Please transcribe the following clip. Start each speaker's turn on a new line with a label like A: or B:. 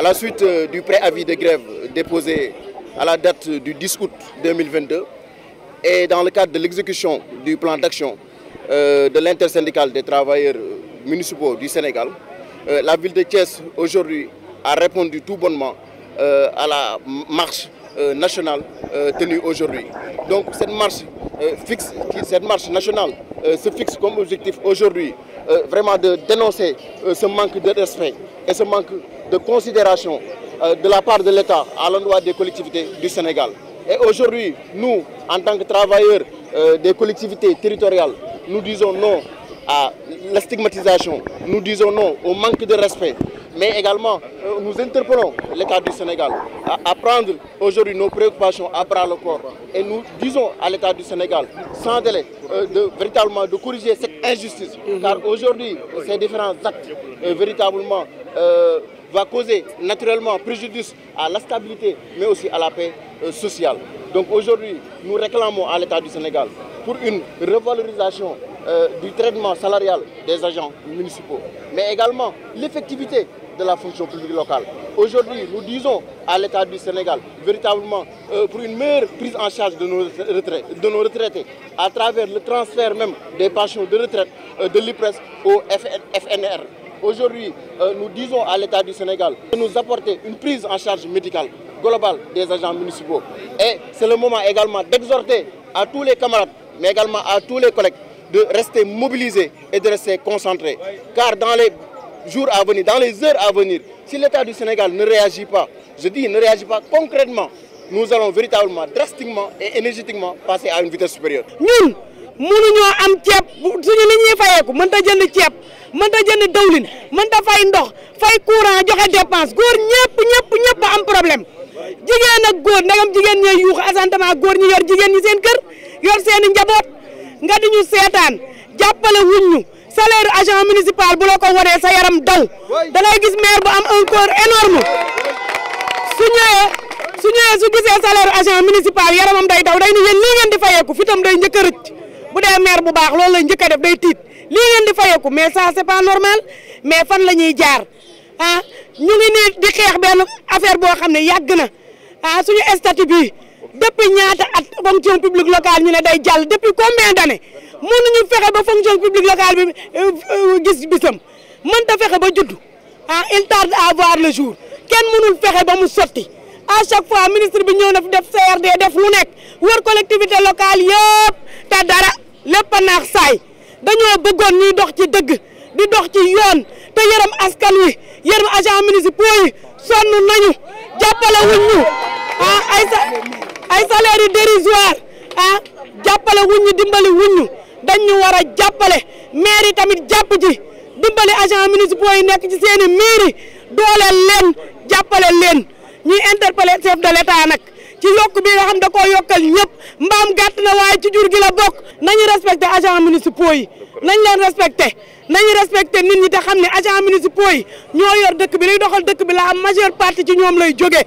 A: À la suite euh, du préavis de grève déposé à la date du 10 août 2022 et dans le cadre de l'exécution du plan d'action euh, de l'intersyndicale des travailleurs euh, municipaux du Sénégal, la ville de Thiès aujourd'hui a répondu tout bonnement à la marche nationale tenue aujourd'hui. Donc cette marche, cette marche nationale se fixe comme objectif aujourd'hui euh, vraiment de dénoncer euh, ce manque de respect et ce manque de considération euh, de la part de l'État à l'endroit des collectivités du Sénégal. Et aujourd'hui, nous, en tant que travailleurs des collectivités territoriales, nous disons non à la stigmatisation, nous disons non au manque de respect mais également euh, nous interpellons l'État du Sénégal à, prendre aujourd'hui nos préoccupations à bras le corps et nous disons à l'État du Sénégal sans délai euh, de véritablement de corriger cette injustice mhm. car aujourd'hui ces différents actes euh, véritablement va causer naturellement préjudice à la stabilité mais aussi à la paix sociale. Donc aujourd'hui, nous réclamons à l'État du Sénégal pour une revalorisation euh, du traitement salarial des agents municipaux, mais également l'effectivité de la fonction publique locale. Aujourd'hui, nous disons à l'État du Sénégal, véritablement, euh, pour une meilleure prise en charge de nos, retraites, de nos retraités, à travers le transfert même des pensions de retraite euh, de l'IPRES au FNR. Aujourd'hui, nous disons à l'État du Sénégal de nous apporter une prise en charge médicale globale des agents municipaux. Et c'est le moment également d'exhorter à tous les camarades, mais également à tous les collègues, de rester mobilisé et de rester concentré. Car dans les jours à venir, dans les heures à venir, si l'État du Sénégal ne réagit pas, je dis ne réagit pas concrètement, nous allons véritablement, drastiquement et
B: énergétiquement passer à une vitesse supérieure. Nous, nous am ceeb bu nous li ñuy fayeeku nous ta jënd ceeb nous ta jënd dawlin nous ta fay ndox fay courant joxe dépense góor ñëpp nous ñëpp am problème Jigen ak gor nagam jigen ñe yuuxu assentement gor ñu yor jigen ñi seen kër yor seen njaboot nga di ñu seetaan jàppale wuñ ñu salaire agent municipal bu la ko wanee sa yaram daw da gis maire bu am un énorme su ñëwee su gisee salaire agent municipal yaramam day daw day ni lii ngeen di fayeeku fitam day njëkk a rëcc bu dee maire bu baax loolu lay njëkk a def day tiit lii ngeen di fayeeku mais ça c'est pas normal mais fan la ñuy jaar ah ñu nii di xeex benn affaire boo xam ne yàgg na ah suñu statut bi depuis ñaata at fonction publique locale day depuis combien d'années ba fonction publique locale bi euh, euh, gis bisam mënta fexé ba judd ah il tarde à voir le jour mënul fexé ba mu à chaque fois ministre bi ñëw na CRD def lu wër collectivité locale yépp ta dara lepp naax ñuy dox ci dëgg di dox ci yoon askan wi agent ay ay salaire yu dérisoire ah jàppale wuñ ñu dimbali wuñ ñu dañ a jàppale maire tamit jàpp ji dimbali agents municipaux yi nekk ci seen i maire yi dooleel leen jàppale leen ñuy interpeller chef de l'État nag ci yokk bi nga xam da koo yokkal ñëpp mbaam gàtt na waaye ci jur gi la bokk nañu respecté agents municipaux yi nañ leen respecté nañu respecté nit ñi te xam ne agents municipaux yi ñoo yor dëkk bi lay doxal dëkk bi la am majeure partie ci ñoom lay jógee